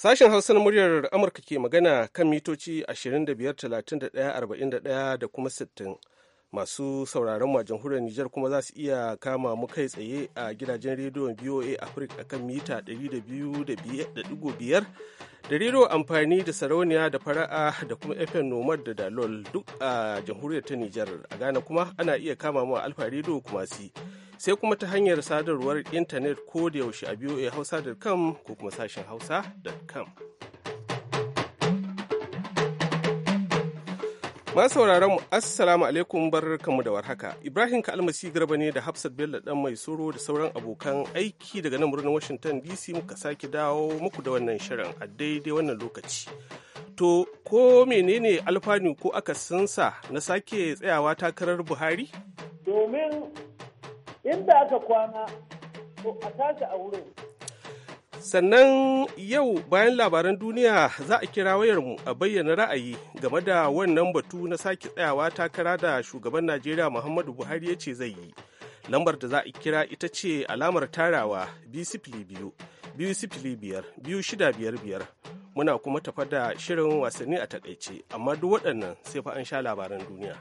Sashen Hausa na muryar Amurka ke magana kan mitoci 25, 31, 41 da kuma 60. masu sauraron mu a jamhuriyar Nijar kuma za su iya kama mu kai tsaye a gidajen rediyon VOA Africa akan mita 200.5 da rediyo amfani da sarauniya da fara'a da kuma FM Nomad da Dalol duk a jamhuriyar ta Nijar a Ghana kuma ana iya kama mu a Alfa rediyo kuma si sai kuma ta hanyar sadarwar intanet ko da yaushe a Hausa.com ko kuma sashen hausa.com. Ma sauraron mu assalamu alaikum barkamu da warhaka. Ibrahim Kalmasi Garba ne da Hafsat Bello dan mai soro da sauran abokan aiki daga nan birnin Washington DC muka sake dawo muku da wannan shirin a daidai wannan lokaci. To ko menene alfanu ko aka sansa na sake tsayawa takarar Buhari? Domin inda aka kwana to a tashi a wurin Sannan yau bayan labaran duniya za a kira wayarmu a bayyana ra'ayi game da wannan batu na sake tsayawa takara da shugaban Najeriya Muhammadu Buhari ya ce zai yi. Lambar da za a kira ita ce alamar tarawa biyu biyu sifili biyar biyu shida biyar biyar muna kuma tafa da shirin wasanni a takaice amma duk waɗannan sai fa an sha labaran duniya.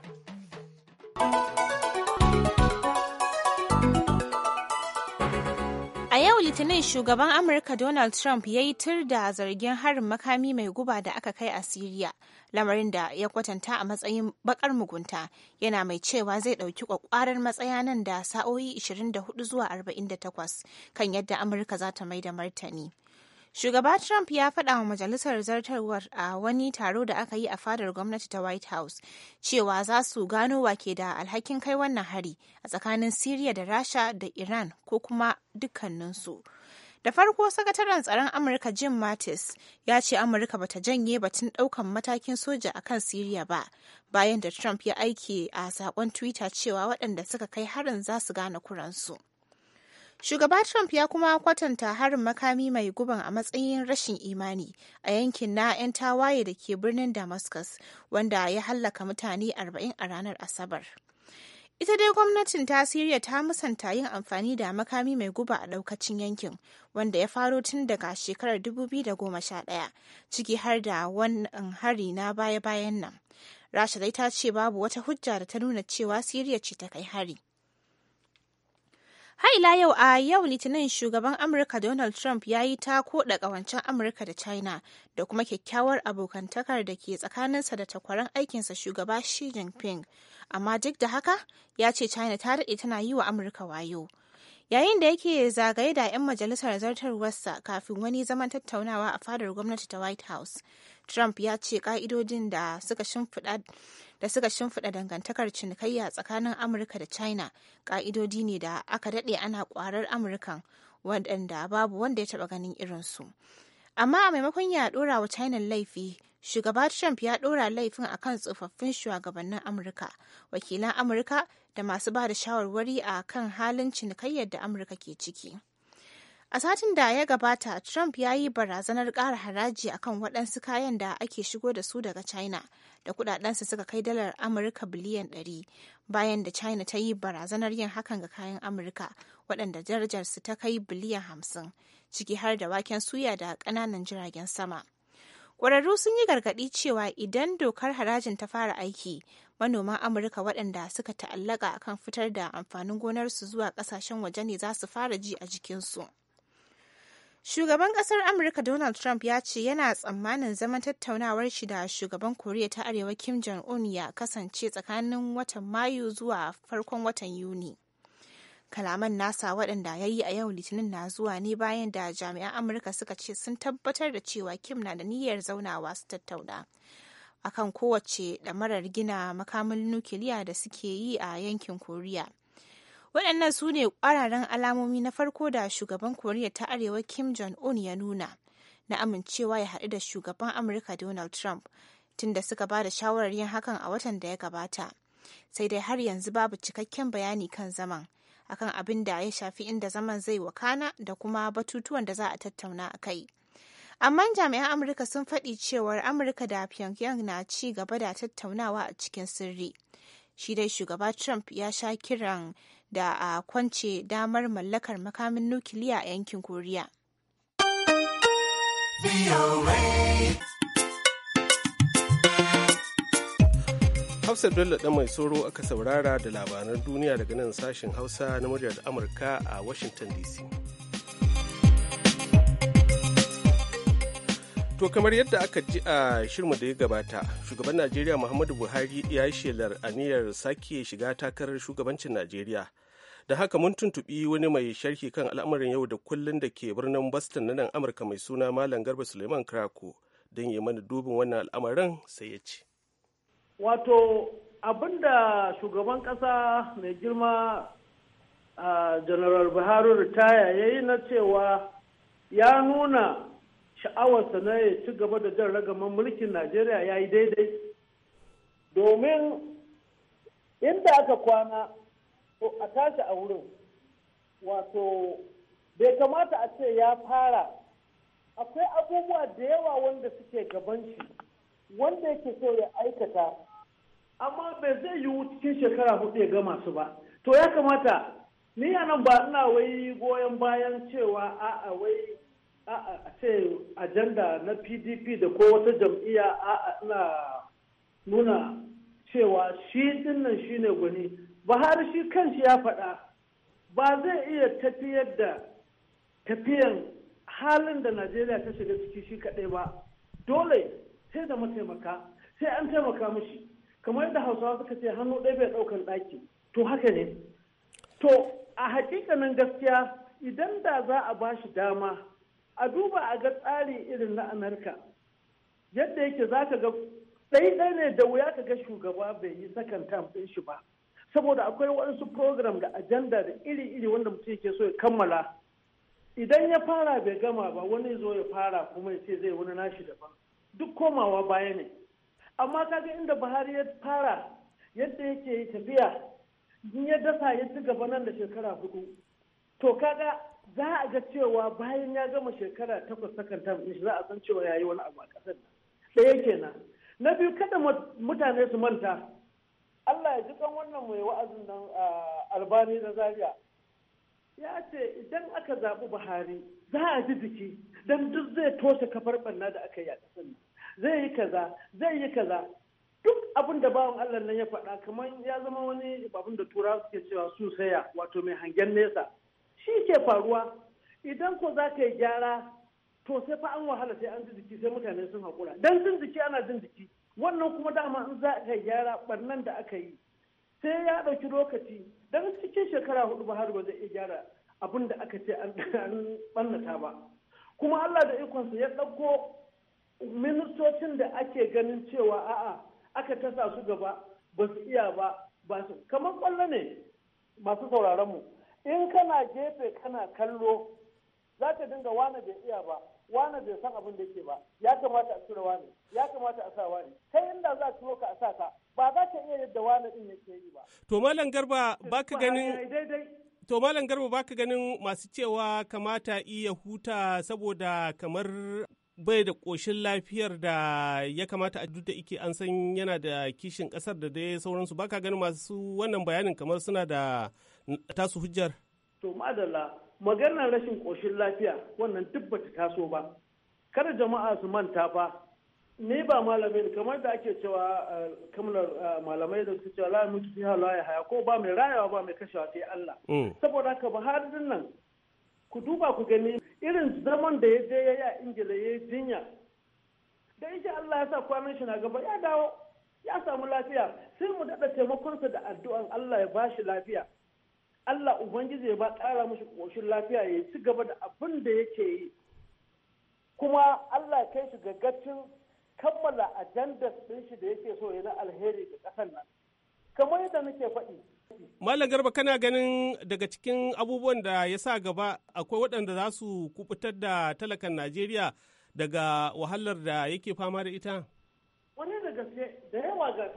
Litinin shugaban Amurka Donald Trump ya yi tur da zargin harin makami mai guba da aka kai a Siriya, lamarin da ya kwatanta a matsayin bakar mugunta, yana mai cewa zai dauki kwakwarar matsaya nan da sa'o'i 24 zuwa 48 kan yadda Amurka za ta mai da martani. Shugaba Trump ya faɗa wa majalisar zartarwar a wani taro da aka yi a fadar gwamnati ta White House cewa za su gano wake da alhakin kai wannan hari a tsakanin Siriya da Rasha da Iran ko kuma dukkaninsu. Da farko sakataren tsaron Amurka Jim Mattis ya ce Amurka ba ta janye batun ɗaukan matakin soja a kan Siriya ba, bayan da Trump ya aike a saƙon Twitter cewa waɗanda suka kai harin za su gane kuransu. Shugaba Trump ya kuma kwatanta harin makami mai guban a matsayin rashin imani a yankin na 'yan tawaye da ke birnin Damascus, wanda ya hallaka mutane 40 a ranar Asabar. Ita dai gwamnatin ta Siriya ta musanta yin amfani da makami mai guba a daukacin yankin, wanda ya faro tun daga shekarar 2011, ciki har da wannan hari na baya-bayan nan. Rasha dai ta ce babu wata hujja da ta nuna cewa Siriya ce ta kai hari. haila yau a yau Litinin shugaban Amurka Donald Trump ya yi ta da ƙawancen Amurka da China da kuma kyakkyawar abokantakar da ke tsakaninsa da takwaran aikinsa shugaba Xi Jinping. Amma duk da haka ya ce China ta daɗe tana yi wa Amurka wayo. Yayin da yake zagaye da 'yan majalisar zartarwarsa kafin wani zaman tattaunawa a fadar gwamnati ta White House, Trump ya ce ƙa'idodin da suka shimfiɗa dangantakar cinikayya tsakanin Amurka da China ka'idodi ne da aka daɗe ana ƙwarar Amurkan waɗanda babu wanda ya taɓa ganin irinsu. Amma a maimakon ya ɗora wa China laifi, shugaba Trump ya ɗora laifin akan tsofaffin shugabannin Amurka, wakilan Amurka da masu ba da shawarwari a kan halin cinikayyar da Amurka ke ciki. A satin da ya gabata, Trump ya yi barazanar ƙara haraji akan waɗansu kayan da ake shigo da su daga China, da kuɗaɗensa suka kai dalar Amurka biliyan 100, bayan da China ta yi barazanar yin hakan ga kayan Amurka, waɗanda su ta kai biliyan 50, ciki har da waken suya da ƙananan jiragen sama. Ƙwararru sun yi gargaɗi cewa idan dokar harajin ta fara aiki, manoman Amurka waɗanda suka ta'allaka akan fitar da amfanin gonarsu zuwa ƙasashen waje ne za su fara ji a jikinsu. Shugaban kasar Amurka Donald Trump ya ce yana tsammanin zaman tattaunawar shi da shugaban Koriya ta Arewa Kim Jong-un ya kasance tsakanin watan Mayu zuwa farkon watan Yuni. Kalaman nasa waɗanda ya yi a yau Litinin na zuwa ne bayan da jami'an Amurka suka ce sun tabbatar da cewa Kim na da niyyar zaunawa su tattauna. akan kowace ɗamarar gina makamin nukiliya da suke yi a yankin Koriya. waɗannan su ne ƙwararren alamomi na farko da shugaban koriya ta arewa kim jong-un ya nuna na amincewa ya haɗu da shugaban amurka donald trump tun da suka ba da shawarar yin hakan a watan da ya gabata sai dai har yanzu babu cikakken bayani kan zaman akan abin da ya shafi inda zaman zai wakana da kuma batutuwan da za a tattauna a kai amma jami'an amurka sun faɗi cewar amurka da pyongyang na ci gaba da tattaunawa a cikin sirri shi dai shugaba trump ya sha kiran da a kwance damar mallakar makamin nukiliya a yankin koriya Hausa Bello ɗan mai tsoro aka saurara da labaran duniya daga nan sashin Hausa na muryar Amurka a Washington DC. To kamar yadda aka ji a shirma da ya gabata, shugaban Najeriya Muhammadu Buhari ya yi shelar aniyar sake shiga takarar shugabancin Najeriya. Da haka mun tuntuɓi wani mai sharhi kan al'amarin yau da kullun da ke birnin Boston na nan Amurka mai suna Malam Garba Suleiman Krako don yi mana dubin wannan al'amarin sai ya ce. Wato abinda shugaban ƙasa mai girma a General Buhari ritaya ya yi na cewa ya nuna sha'awarsa na ya ci gaba da jan ragaman mulkin najeriya ya yi daidai domin inda aka kwana to a tashi a wurin wato bai kamata a ce ya fara akwai abubuwa da yawa wanda suke gaban shi wanda yake so ya aikata amma bai zai yiwu cikin shekara hudu ya gama su ba to ya kamata ni a ba ina wai goyon bayan cewa a'a wai A'a ce ajanda na pdp da ko wata jam'iyya A'a ina nuna cewa shi dinnan shi ne gwani buhari shi kanshi ya faɗa ba zai iya tafiyar da tafiyan halin da najeriya ta shiga ciki shi kaɗai ba dole sai da mataimaka sai an taimaka mashi. kamar yadda hausawa suka ce hannu ɗaya bai ɗaukan ɗaki to haka ne to a hakikanin gaskiya idan da za a ba shi dama a duba a ga tsari irin na amurka yadda yake za ka ga ɗaiɗai ne da wuya ka ga shugaba bai yi sakan ɗin shi ba saboda akwai waɗansu program da agenda da iri-iri wanda mutum yake so ya kammala idan ya fara bai gama ba wani zo ya fara kuma ya ce zai wani nashi daban duk komawa baya ne amma kaga inda buhari ya fara yadda yake tafiya in ya dasa ya ci gaba nan da shekara hudu to kaga za a ga cewa bayan ya gama shekara takwas sakan tam shi za a san cewa ya yi wani abu a ƙasar nan ɗaya kenan na biyu kada mutane su manta Allah ya ji kan wannan mai wa'azin nan albani na zaria ya ce idan aka zaɓi buhari za a ji jiki don duk zai toshe kafar ɓanna da aka yi a ƙasar zai yi kaza zai yi kaza duk abin da bawan Allah nan ya faɗa kamar ya zama wani abin da turawa suke cewa su saya wato mai hangen nesa shi ke faruwa idan ko za ka yi gyara to sai fa an wahala sai an jiki sai mutane sun haƙura dan jinjiki ana jin jiki wannan kuma dama in za ka yi gyara barnan da aka yi sai ya ɗauki lokaci dan cikin shekara hudu ba har ba zai iya gyara abin da aka ce an ɓannata ba kuma Allah da ikonsa ya ɗauko ministocin da ake ganin cewa a'a aka tasa su gaba ba su iya ba ba su kamar kwallo ne masu sauraron mu in kana gefe kana kallo za ta dinga wane bai iya ba wane bai san abin da yake ba ya kamata a tura wane ya kamata a sa wane kai inda za turo ka a sa ka ba za ka iya yadda wane din yake yi ba to malam garba baka ganin To Malam Garba baka ganin masu cewa kamata iya huta saboda kamar bai da ƙoshin lafiyar da ya kamata a duk da ike an san yana da kishin ƙasar da dai sauransu baka ganin masu wannan bayanin kamar suna da tasu hujjar? to madalla maganar rashin ƙoshin lafiya wannan duk bata taso ba kada jama'a su manta ba, ni ba malamin kamar da ake cewa eh, kamar eh, malamai da suke cewa lai mutu fiha la haya ko ba mai rayawa ba mai kashewa sai Allah mm. saboda haka Buhari nan ku duba ku gani irin zaman da ya je yayi a Ingila yi jinya da yake Allah ya sa kwanan shi na gaba ya dawo ya samu lafiya sai mu daɗa taimakonsa da addu'an Allah ya ba shi lafiya Allah Ubangiji ba ƙara mashi ƙoshin lafiya ya ci gaba da abin da yake yi kuma Allah kai shi gaggacin kammala ajandar ɗin shi da yake so ya na alheri ga ƙasar nan kamar yadda nake faɗi Malam Garba kana ganin daga cikin abubuwan da ya sa gaba akwai waɗanda za su kubutar da talakan Najeriya daga wahalar da yake fama da ita? Wani da gaske da yawa ga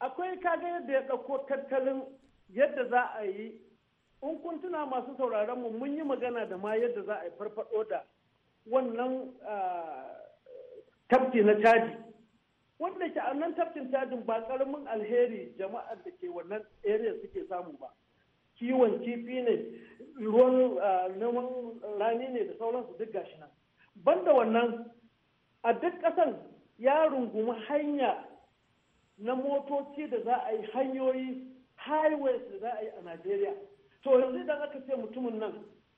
akwai kaga yadda ya ɗauko tattalin yadda za a yi in kun tuna masu sauraron mu mun yi magana da ma yadda za a yi farfado da wannan ah, tafti na caji wanda ke nan tafkin cajin ba karamin alheri jama'ar da ke wannan area suke samu ba kiwon kifi ne ruwan ah, neman rani ne da sauransu duk gashi nan banda wannan a duk ƙasan ya rungumi hanya na motoci da za a yi hanyoyi highways da za a yi a Najeriya to yanzu idan aka ce mutumin nan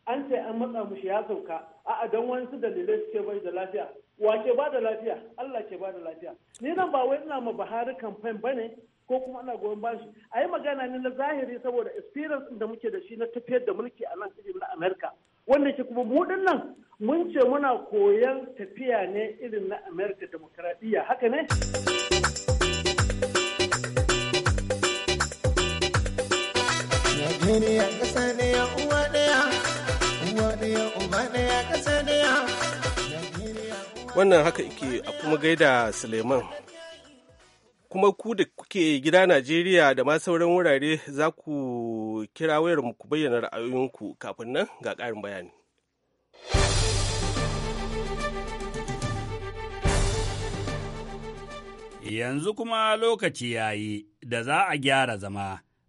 an ce an matsa mushi ya sauka a'a don wasu dalilai suke bai da lafiya wa ke ba da lafiya Allah ke ba da lafiya ni nan ba wai ina ma Buhari campaign ne ko kuma ana goyon bashi a yi magana ne na zahiri saboda experience da muke da shi na tafiyar da mulki a nan irin na America wanda ke kuma mu nan mun ce muna koyon tafiya ne irin na America demokradiyya haka ne Wannan haka ike a kuma gaida Suleiman. Kuma ku da kuke gida Najeriya da ma sauran wurare za ku kira wayar ku bayyana ra'ayoyinku kafin nan ga ƙarin bayani. Yanzu kuma lokaci yayi da za a gyara zama.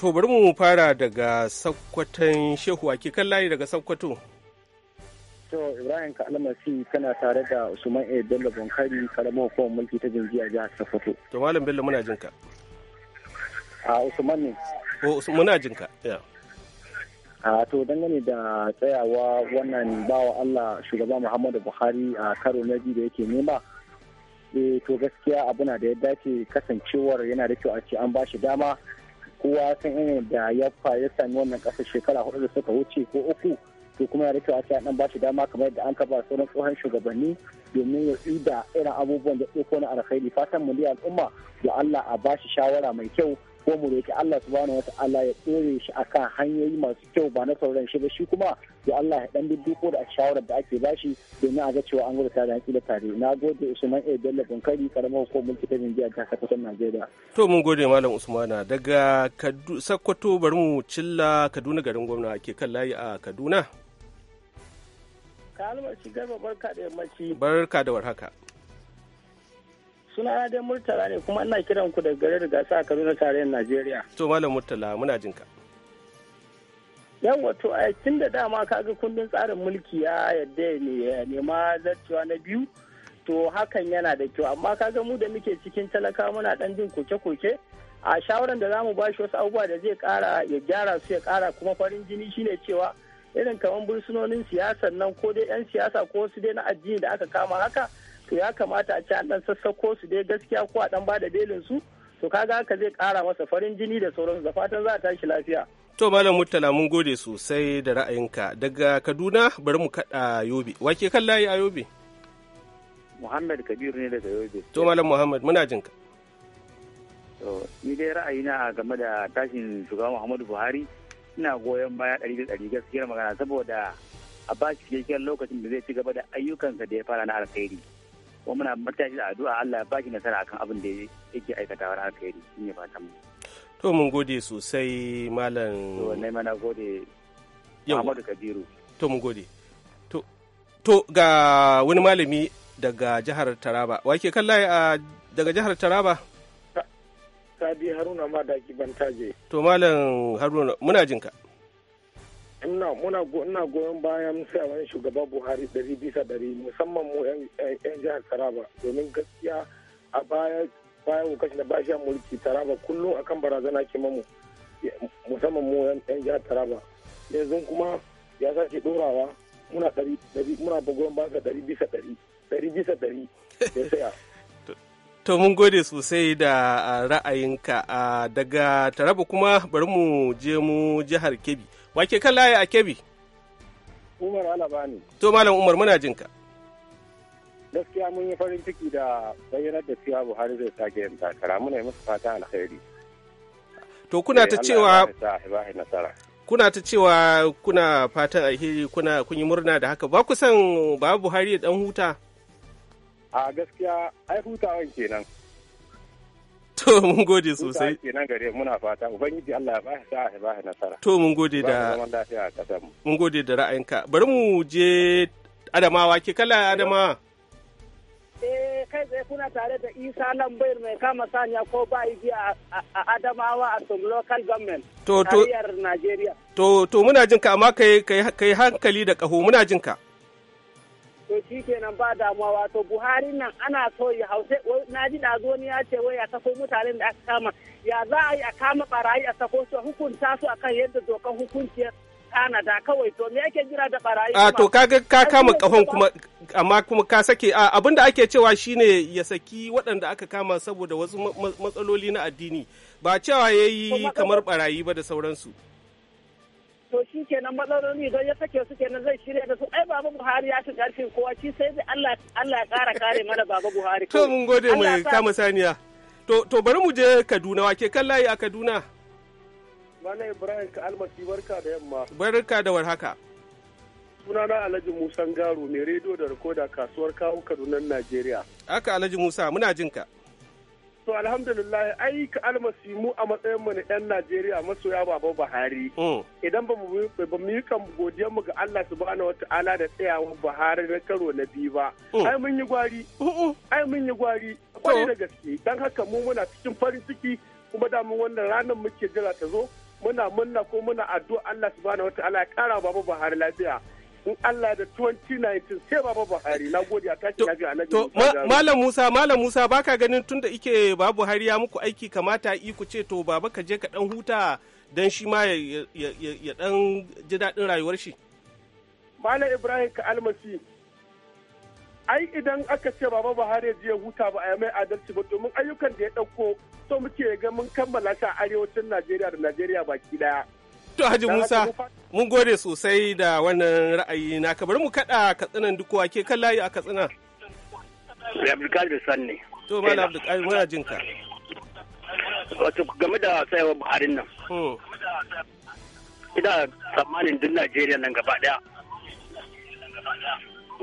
To bari mu fara daga sakkwatan Shehu ake kan layi daga Sakkwato. To Ibrahim ka almasi kana tare da Usman A. Bello Bonkari karamar hukumar mulki ta jinji a jihar Sokoto. To Malam Bello muna jinka. A Usman ne. O muna jinka. A to dangane da tsayawa wannan bawa Allah shugaba Muhammadu Buhari a karo na biyu da yake nema. Eh, to gaskiya abuna da ya dace kasancewar yana da kyau a ce an ba shi dama kowa san irin da ya ya sami wannan kasar shekara hudu da suka wuce ko uku to kuma ya rikewa ta dan bashi dama kamar yadda an kaba sauran tsohon shugabanni domin ya tsida irin abubuwan da ɗauko na alkhairi fatan mu al'umma da Allah a bashi shawara mai kyau ko mu roki Allah subhanahu wa ta'ala ya tsore shi akan hanyoyi masu kyau ba na sauran shi ba shi kuma da Allah ya dan bibbiko da shawarar da ake bashi domin a ga cewa an gudu tare da tare na gode Usman A Bello Kankari karamar hukumar ta Najeriya ta kasar Najeriya to mun gode malam Usmana daga Sokoto bari mu cilla Kaduna garin gwamna ke kan layi a Kaduna shi garba barka da yammaci barka da warhaka suna dai murtala ne kuma ina kiran ku daga garin gasa a Kaduna tarayyar Najeriya to malam murtala muna jinka yan wato a tun da dama kaga kundin tsarin mulki ya yadda ne nema zarcewa na biyu to hakan yana da kyau amma kaga mu da muke cikin talaka muna dan jin koke-koke a shawaran da zamu ba shi wasu abubuwa da zai kara ya gyara su ya kara kuma farin jini shine cewa irin kamar bursunonin siyasar nan ko dai yan siyasa ko wasu dai na addini da aka kama haka to ya kamata a ce an dan sassako su dai gaskiya ko a dan bada belin su to kaga haka zai kara masa farin jini da sauransu da fatan za a tashi lafiya To Malam Murtala mun gode sosai da ra'ayinka daga Kaduna bari mu kaɗa Yobe. Wake kan layi a Yobe? Muhammad Kabir ne daga Yobe. To Malam Muhammad muna jin ka. To ni dai ra'ayina game da tashin shugaban Muhammadu Buhari ina goyon baya ɗari da ɗari gaskiyar magana saboda a ba shi cikakken lokacin da zai ci gaba da ayyukansa da ya fara na alkhairi. Kuma muna matashi da addu'a Allah ya ba shi nasara akan abin da yake aikatawa na alkhairi. Shi ne fatan mu. to mun gode sosai malam to ne mana gode Muhammadu Kabiru to mun gode to to ga wani malami daga jihar Taraba wake kallaye a daga jihar Taraba Sadi Haruna ma da Bantaje. To Malam Haruna muna jinka. Ina muna ina goyon bayan sayawan shugaba Buhari dari bisa dari musamman mu 'yan jihar Taraba domin gaskiya a baya bayan kashe da bashi mulki taraba kullum akan barazana ke mamu musamman mu yan jihar taraba yanzu kuma ya sake dorawa muna dari dari muna bagon ba dari bisa dari dari bisa ɗari ya saya. To mun gode sosai da ra'ayinka daga Taraba kuma bari mu je mu jihar Kebbi. Wake kan laye a Kebbi? Umar Alaba ne. To Malam Umar muna jinka. gaskiya mun yi farin ciki da bayyanar da cewa buhari zai sake yin takara muna yi musu fata alheri to kuna ta eh, cewa kuna ta cewa kuna fatan alheri kuna kun yi murna da haka ba ku san ba buhari dan huta a gaskiya ai hutawan kenan to mun gode sosai kenan gare muna fata ubangiji Allah ya bashi sa'a ya bashi nasara to mun gode da mun gode da ra'ayinka bari mu je adamawa ke kala adamawa Eh kai zai kuna tare da Isa lambar mai kama sanya ko ba yi a Adamawa a some local government. To to Najeriya. To to muna jin ka amma kai kai hankali da kaho muna jin ka. To shi kenan ba damuwa wato Buhari nan ana so ya hause na ji da zo ni ya ce wai ya sako mutanen da aka kama ya za a yi a kama barayi a sako su hukunta su akan yadda dokan hukunci kanada kawai to me ake jira da barayi a to kaga ka kama kahon kuma amma kuma ka sake a abin da ake cewa shine ya saki waɗanda aka kama saboda wasu matsaloli na addini ba cewa yayi kamar barayi ba da sauransu to shi kenan matsaloli idan ya sake su kenan zai shirya da su ai baba buhari ya fi karfin kowa shi sai da allah allah ya kara kare mana baba buhari to mun gode mai kama saniya to to bari mu je kaduna wake kan layi a kaduna Ibrahim ka almasi barka da yamma. Barka da warhaka. Sunana Alhaji Musa Garo mai rediyo da rikoda kasuwar kawo Kaduna Najeriya. Aka Alhaji Musa muna jin ka. To alhamdulillah ai ka almasi mu a matsayin mu na 'yan Najeriya masoya baba Buhari. Mm. Idan ba mu yi kan godiyar mu ga Allah subhanahu wa ta'ala da tsayawa Buhari na karo na biyu ba. Mm. Ai mun yi gwari. Ai mun yi gwari. Kwari da gaske. Dan haka mu muna cikin farin ciki kuma mu wannan ranar muke jira ta zo. muna munna ko muna addu'a Allah subhanahu ta'ala ya kara baba Buhari lafiya in Allah da 2019 sai baba Buhari na gode a tashi lafiya na to malam Musa malam Musa baka ganin tunda ike babu Buhari ya muku aiki kamata ku ce to baba ka je ka dan huta dan shi ma ya dan ji dadin rayuwar shi malam Ibrahim ka almasi ai idan aka ce baba Buhari ya je ya huta ba a mai adalci ba domin ayyukan da ya ɗauko so muke ga mun kammala ta arewacin Najeriya da Najeriya baki daya. To Haji Musa, mun gode sosai da wannan ra'ayi na Ka bari mu kaɗa katsinan duk ke kan layi a katsina. da Sanne. To Malam Abdulkadir muna jin ka. Wato game da tsayawar Buharin nan. Hmm. Ina tsammanin duk Najeriya nan gaba ɗaya.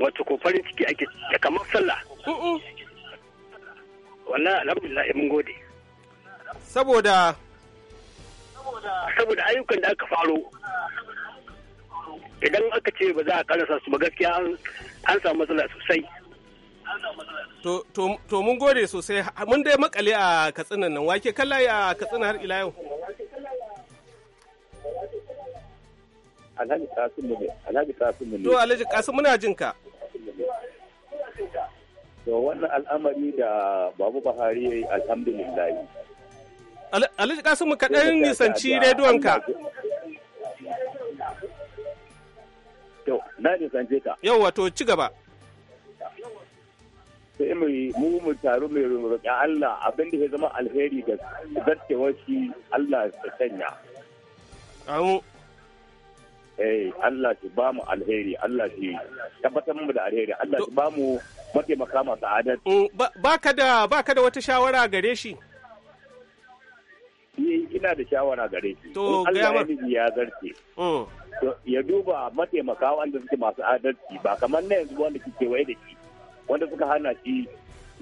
Wato ko farin ciki ake kamar sallah. Wannan alhamdulillah mun gode. Saboda? Saboda ayyukan da aka faro. Idan aka ce ba za a karasa su ba gaskiya an samu matsala sosai. To mun gode sosai, mun dai makale a katsinan nan, wake kallaye a katsina har ila yau. Alhaji Kasimu ne, ne. To Alhaji Kasimu muna jin ka. To wannan al'amari da Babu Buhari ya yi alhamdulillah. Alhaji Kasimu ka ɗan nisanci rediyonka. Na nisance ka. Yau wato ci gaba. sai mai mu mu taru mai roƙi Allah abin da ya zama alheri ga zartewar shi Allah ya sanya. Amu. Eh Allah shi ba mu alheri Allah shi tabbatar mu da alheri Allah shi ba mu mataimaka masu adalci. Mm, ba ka da wata shawara gare shi. ina da shawara gare shi to Allah ya zarce oh. ya duba mataimaka wanda suke masu adalci ba kamar na yanzu wanda ke kewaye da shi wanda suka hana shi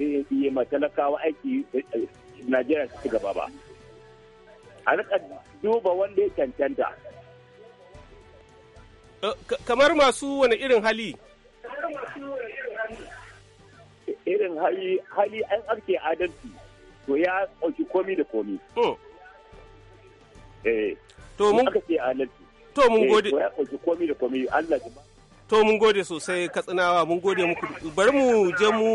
eh, yi matalakawa aiki eh, Najeriya su ci gaba ba. A rika duba wanda ya cancanta. Eh, kamar masu wani irin hali? Irin hali an arke adalci to ya ɗauki komi da komi. Oh. Eh, to mun eh, gode to mun gode sosai katsinawa mun gode muku bari mu je mu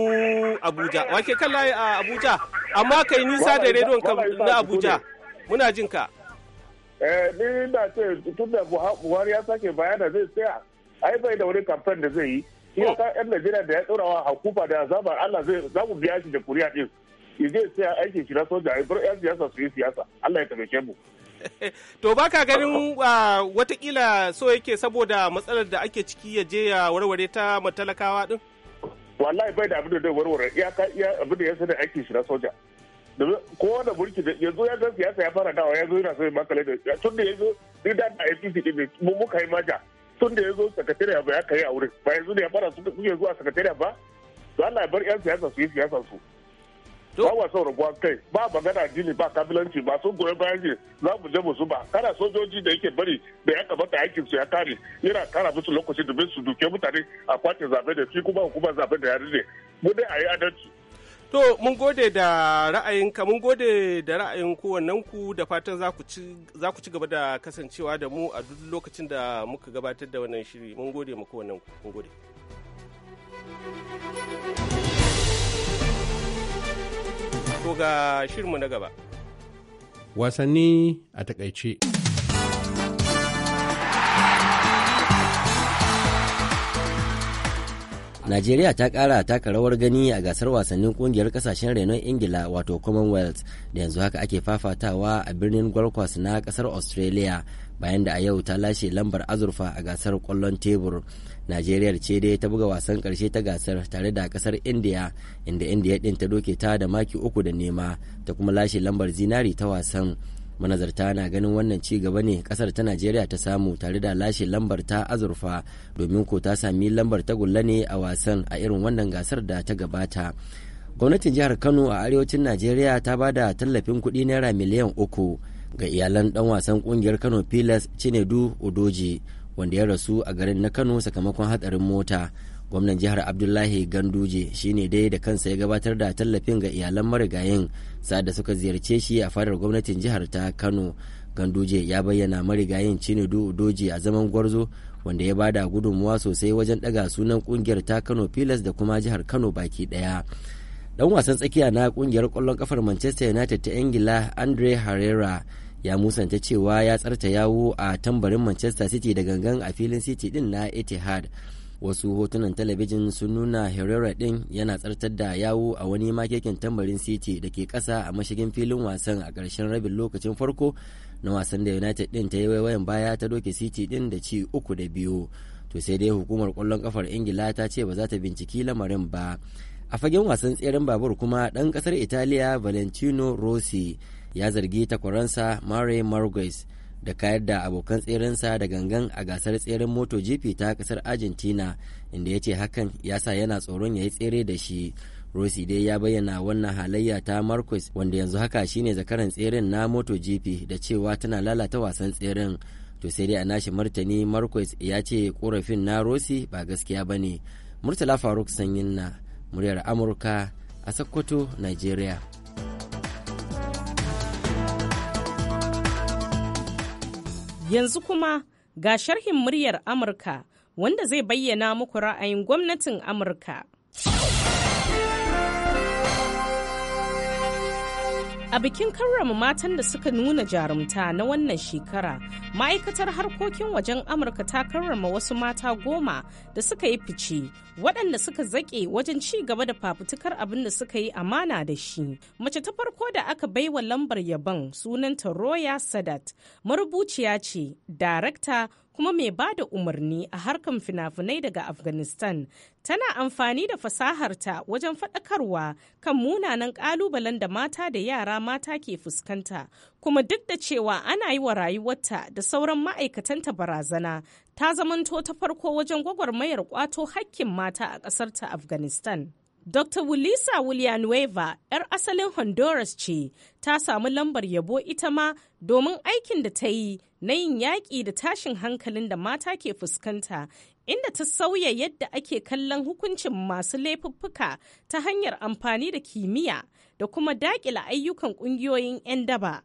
abuja wake kan layi a abuja amma kai nisa da rediyon ka na abuja muna jin ka eh ni na ce tun da buhari ya sake bayana zai tsaya ai bai da wani kamfen da zai yi shi ya yan najeriya da ya tsorawa wa hukuma da azabar allah zai za mu biya shi da kuriya din zai tsaya aikin shi na soja ai bar yan siyasa su yi siyasa allah ya taimake mu to ba ka ganin ah, watakila so yake saboda matsalar da ake ciki ya je ya warware ta matalakawa din? wallahi bai da abin da zai warware iyaka iya abin da ya sani aiki shi na soja ko wanda mulki da yanzu ya zan siyasa ya fara dawa ya zo yana so ya makale da tun da ya zo duk da da APC din ne mu muka yi maja tun da ya zo sakatariya ba ya kai a wurin ba yanzu da ya fara suke zuwa sakatariya ba to Allah ya bar yan siyasa su yi siyasa su ba wa son kai ba magana addini ba kabilanci ba sun goyi bayan ne za mu je mu zuba kana sojoji da yake bari da ya kamata aikin su ya kare yana kara musu lokaci domin su duke mutane a kwace zaɓe da shi kuma hukumar zaɓe da yare ne mu dai a yi adalci. To mun gode da ra'ayinka mun gode da ra'ayin kowannen ku da fatan za ku ci gaba da kasancewa da mu a duk lokacin da muka gabatar da wannan shiri mun gode mu kowannen ku mun gode. To ga shirinmu na gaba. Wasanni a takaice. Najeriya ta kara taka rawar gani a gasar wasannin kungiyar kasashen renon Ingila wato Commonwealth da yanzu haka ake fafatawa a birnin Gold Coast na kasar Australia bayan da a yau ta lashe lambar azurfa a gasar kwallon tebur najeriya ce dai ta buga wasan karshe ta gasar tare da kasar indiya inda india din ta doke ta da maki uku da nema ta kuma lashe lambar zinari ta wasan manazarta na ganin wannan ci gaba ne kasar ta najeriya ta samu tare da lashe lambar ta azurfa domin ko ta sami lambar tagulla ne a wasan a irin wannan gasar da ta gabata gwamnatin jihar kano a arewacin najeriya ta ba da tallafin kuɗi naira miliyan uku ga iyalan dan wasan kungiyar Kano Pilas Chinedu Odoji wanda ya rasu a garin na Kano sakamakon hatsarin mota. Gwamnan jihar Abdullahi Ganduje shine dai da kansa ya gabatar da tallafin ga iyalan marigayin sa'ad da suka ziyarce shi a fadar gwamnatin jihar ta Kano. Ganduje ya bayyana marigayin Chinedu Odoji a zaman gwarzo wanda ya bada gudunmuwa sosai wajen daga sunan kungiyar ta Kano Pilas da kuma jihar Kano baki daya. dan wasan tsakiya na kungiyar kwallon kafar manchester united ta ingila andre herrera ya musanta cewa ya tsarta yawo a tambarin manchester city da gangan a filin city din na etihad wasu hotunan talabijin sun nuna herrera din yana tsartar da yawo a wani makekin tambarin city da ke ƙasa a mashigin filin wasan a ƙarshen rabin lokacin farko na wasan da united din ta yi waiwayan baya ta doke city din da ci uku da biyu to sai dai hukumar kwallon kafar ingila ta ce ba za ta binciki lamarin ba a fagen wasan tseren babur kuma ɗan ƙasar italiya valentino rossi ya zargi takwaransa mare margues da kayar da abokan tserensa da gangan a gasar tseren moto gp ta ƙasar argentina inda ya ce hakan ya sa yana tsoron ya yi tsere da shi rossi dai ya bayyana wannan halayya ta marquez wanda yanzu haka shine zakaran tseren na moto MotoGP da cewa tana lalata wasan tseren to sai dai a nashi martani marquez ya ce korafin na rossi ba gaskiya bane murtala faruk sanyin na muryar amurka a sokoto nigeria yanzu kuma ga sharhin muryar amurka wanda zai bayyana muku ra'ayin gwamnatin amurka A bikin karrama matan da suka nuna jarumta na wannan shekara, ma'aikatar harkokin wajen Amurka ta karrama wasu mata goma da suka yi fice, waɗanda suka zaƙe wajen ci gaba da fafutukar abin da suka yi amana da shi. Mace ta farko da aka baiwa lambar yabon sunanta Roya Sadat, marubuciya ce, darakta kuma mai ba da umarni a harkar finafinai daga afghanistan tana amfani da fasaharta wajen faɗakarwa kan munanan ƙalubalen da mata da yara mata ke fuskanta kuma duk da cewa ana yi wa rayuwarta da sauran ma'aikatanta barazana ta zamanto ta farko wajen gwagwarmayar kwato hakkin mata a ƙasar ta afghanistan Dr. Wulisa Willianueva, 'yar asalin Honduras ce, ta samu lambar yabo ita ma domin aikin da ta yi na yin yaƙi da tashin hankalin da mata ke fuskanta, inda ta sauya yadda ake kallon hukuncin masu laifuffuka ta hanyar amfani da kimiyya da kuma daƙila ayyukan ƙungiyoyin 'yan daba.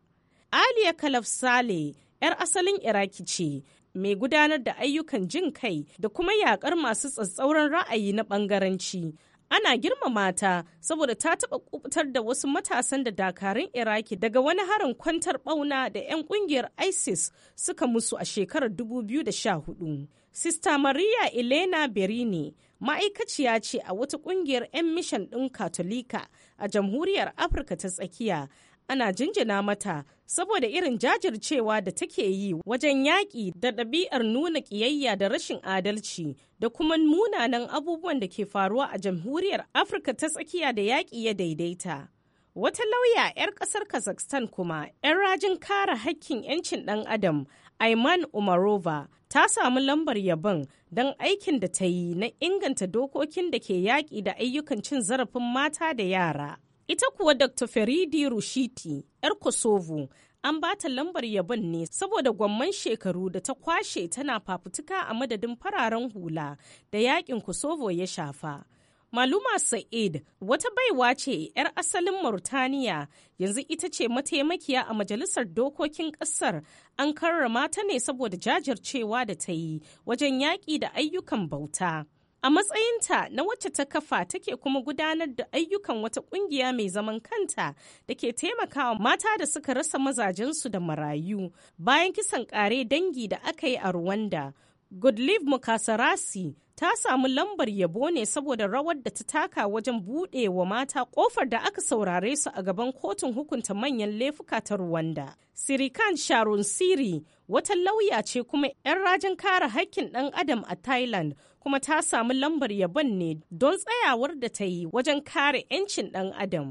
Aliya Kalaf Sale, 'yar asalin Iraki ce, mai gudanar da ayyukan jin kai da kuma yaƙar masu tsatsauran ra'ayi na ɓangaranci. ana girmama ta saboda ta taɓa kubutar da wasu matasan da dakarun iraki daga wani harin kwantar ɓauna da 'yan ƙungiyar isis suka musu a shekarar 2014 sista maria elena berini ma'aikaciya ce a wata ƙungiyar 'yan mishan ɗin katolika a jamhuriyar afirka ta tsakiya ana jinjina mata saboda irin jajircewa da take yi wajen yaƙi da ɗabi'ar nuna ƙiyayya da rashin adalci da kuma munanan abubuwan da ke faruwa a jamhuriyar afirka ta tsakiya da yaƙi ya daidaita wata lauya 'yar ƙasar kazakhstan kuma 'yan rajin kare hakkin 'yancin ɗan adam aiman umarova ta samu lambar yabon don aikin da ta yi na inganta dokokin da ke yaƙi da ayyukan cin zarafin mata da yara Ita kuwa Dr. Feridi Rushiti, 'yar Kosovo, an ba ta lambar yabon ne saboda gwamman shekaru da ta kwashe tana fafutuka a madadin fararen hula da yakin Kosovo ya shafa. Maluma Sa'id wata baiwa ce 'yar asalin Mauritaniya yanzu ita ce mataimakiya a Majalisar Dokokin Ƙasar an karrama ta ne saboda jajircewa da ta yi wajen yaƙi da ayyukan bauta. A matsayinta na wacce ta kafa take kuma gudanar da ayyukan wata kungiya mai zaman kanta da ke taimakawa mata da suka rasa mazajensu da marayu bayan kisan kare dangi da aka yi a Rwanda. Goodlive Mukasarasi ta samu lambar yabo ne saboda rawar da ta taka wajen buɗe wa mata ƙofar da aka saurare su a gaban kotun hukunta manyan laifuka ta Rwanda. Sirikan Sharon Siri wata lauya ce kuma 'yan rajin kare haƙƙin ɗan adam a Thailand kuma ta samu lambar yabon ne don tsayawar da ta yi wajen kare 'yancin ɗan adam.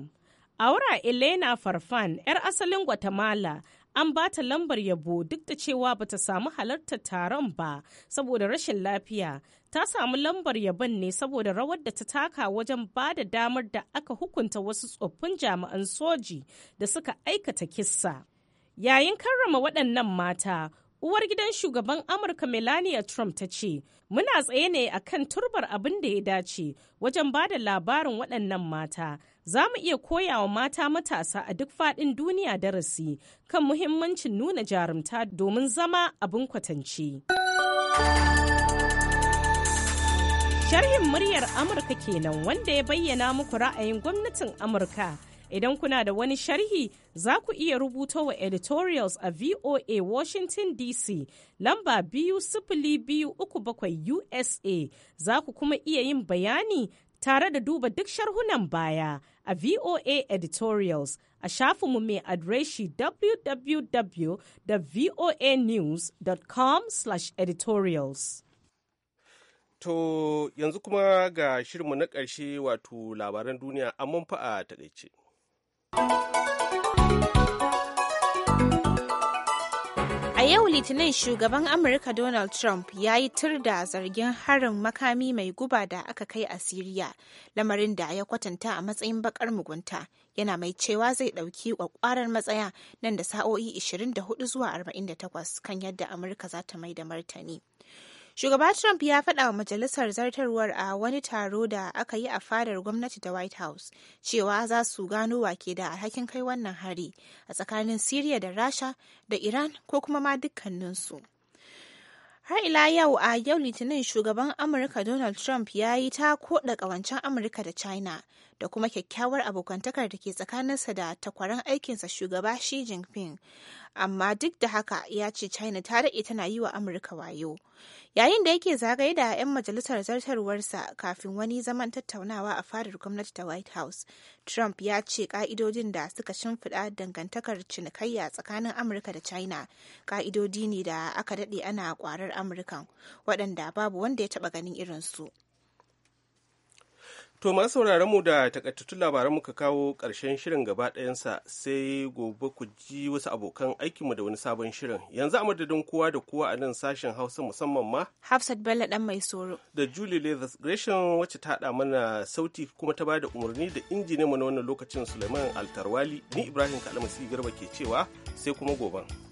Aura Elena Farfan, 'yar asalin Guatemala, an ba ta lambar yabo duk da cewa ba ta samu halartar taron ba saboda rashin lafiya ta samu lambar yabon ne saboda rawar da ta taka wajen ba da damar da aka hukunta wasu tsoffin jami'an soji da suka aikata kissa yayin karrama waɗannan mata uwar gidan shugaban amurka melania trump ta ce muna tsaye ne a kan turbar abin da ya dace wajen ba da labarin waɗannan mata za mu iya koya wa mata matasa a duk faɗin duniya darasi kan muhimmancin nuna jarumta domin zama abin kwatance sharhin muryar amurka kenan wanda ya bayyana muku ra'ayin gwamnatin amurka Idan kuna da wani sharhi za ku iya rubuto wa editorials a VOA Washington DC lamba biyu biyu uku bakwai USA za ku kuma iya yin bayani tare da duba duk sharhunan baya a VOA editorials a shafinmu mai adireshi www.voanews.com/editorials. To yanzu kuma ga shirinmu na ƙarshe wato labaran duniya amma fa a taƙaice. a yau litinin shugaban amurka donald trump ya yi tur da zargin harin makami mai guba da aka kai a siriya lamarin da ya kwatanta a matsayin bakar mugunta yana mai cewa zai ɗauki kwakwarar matsaya nan da sa'o'i 24 zuwa 48 kan yadda amurka za ta mai da martani Shugaba Trump ya faɗa wa majalisar zartarwar a wani taro da aka yi a fadar gwamnati da White House cewa za su gano wake da alhakin kai wannan hari a tsakanin Siriya da Rasha da Iran ko kuma ma dukkaninsu. Har ila yau a yau Litinin shugaban Amurka Donald Trump ya yi ta koɗa ƙawancen Amurka da China da kuma kyakkyawar abokantakar da ke tsakaninsa da takwaran aikinsa shugaba Xi Jinping. Amma duk da haka ya ce China ta daɗe tana yi wa Amurka wayo. Yayin da yake zagaye da 'yan majalisar zartarwarsa kafin wani zaman tattaunawa a fadar gwamnati ta White House, Trump ya ce ƙa'idodin da suka shimfiɗa dangantakar cinikayya tsakanin Amurka da China ƙa'idodi ne da aka daɗe ana kwarar Amurkan waɗanda babu wanda ya taɓa ganin irinsu. To masu sauraron mu da takaitattun labaran muka kawo ƙarshen shirin gaba ɗayansa sai gobe ku ji wasu abokan aikinmu da wani sabon shirin. Yanzu a madadin kowa da kowa a nan sashen Hausa musamman ma. Hafsat Bello dan mai soro. Da Julie Leathers Gresham wacce ta haɗa mana sauti kuma ta bada umarni da mu na wannan lokacin Suleiman Altarwali. Ni Ibrahim Kalamasi Garba ke cewa sai kuma goben.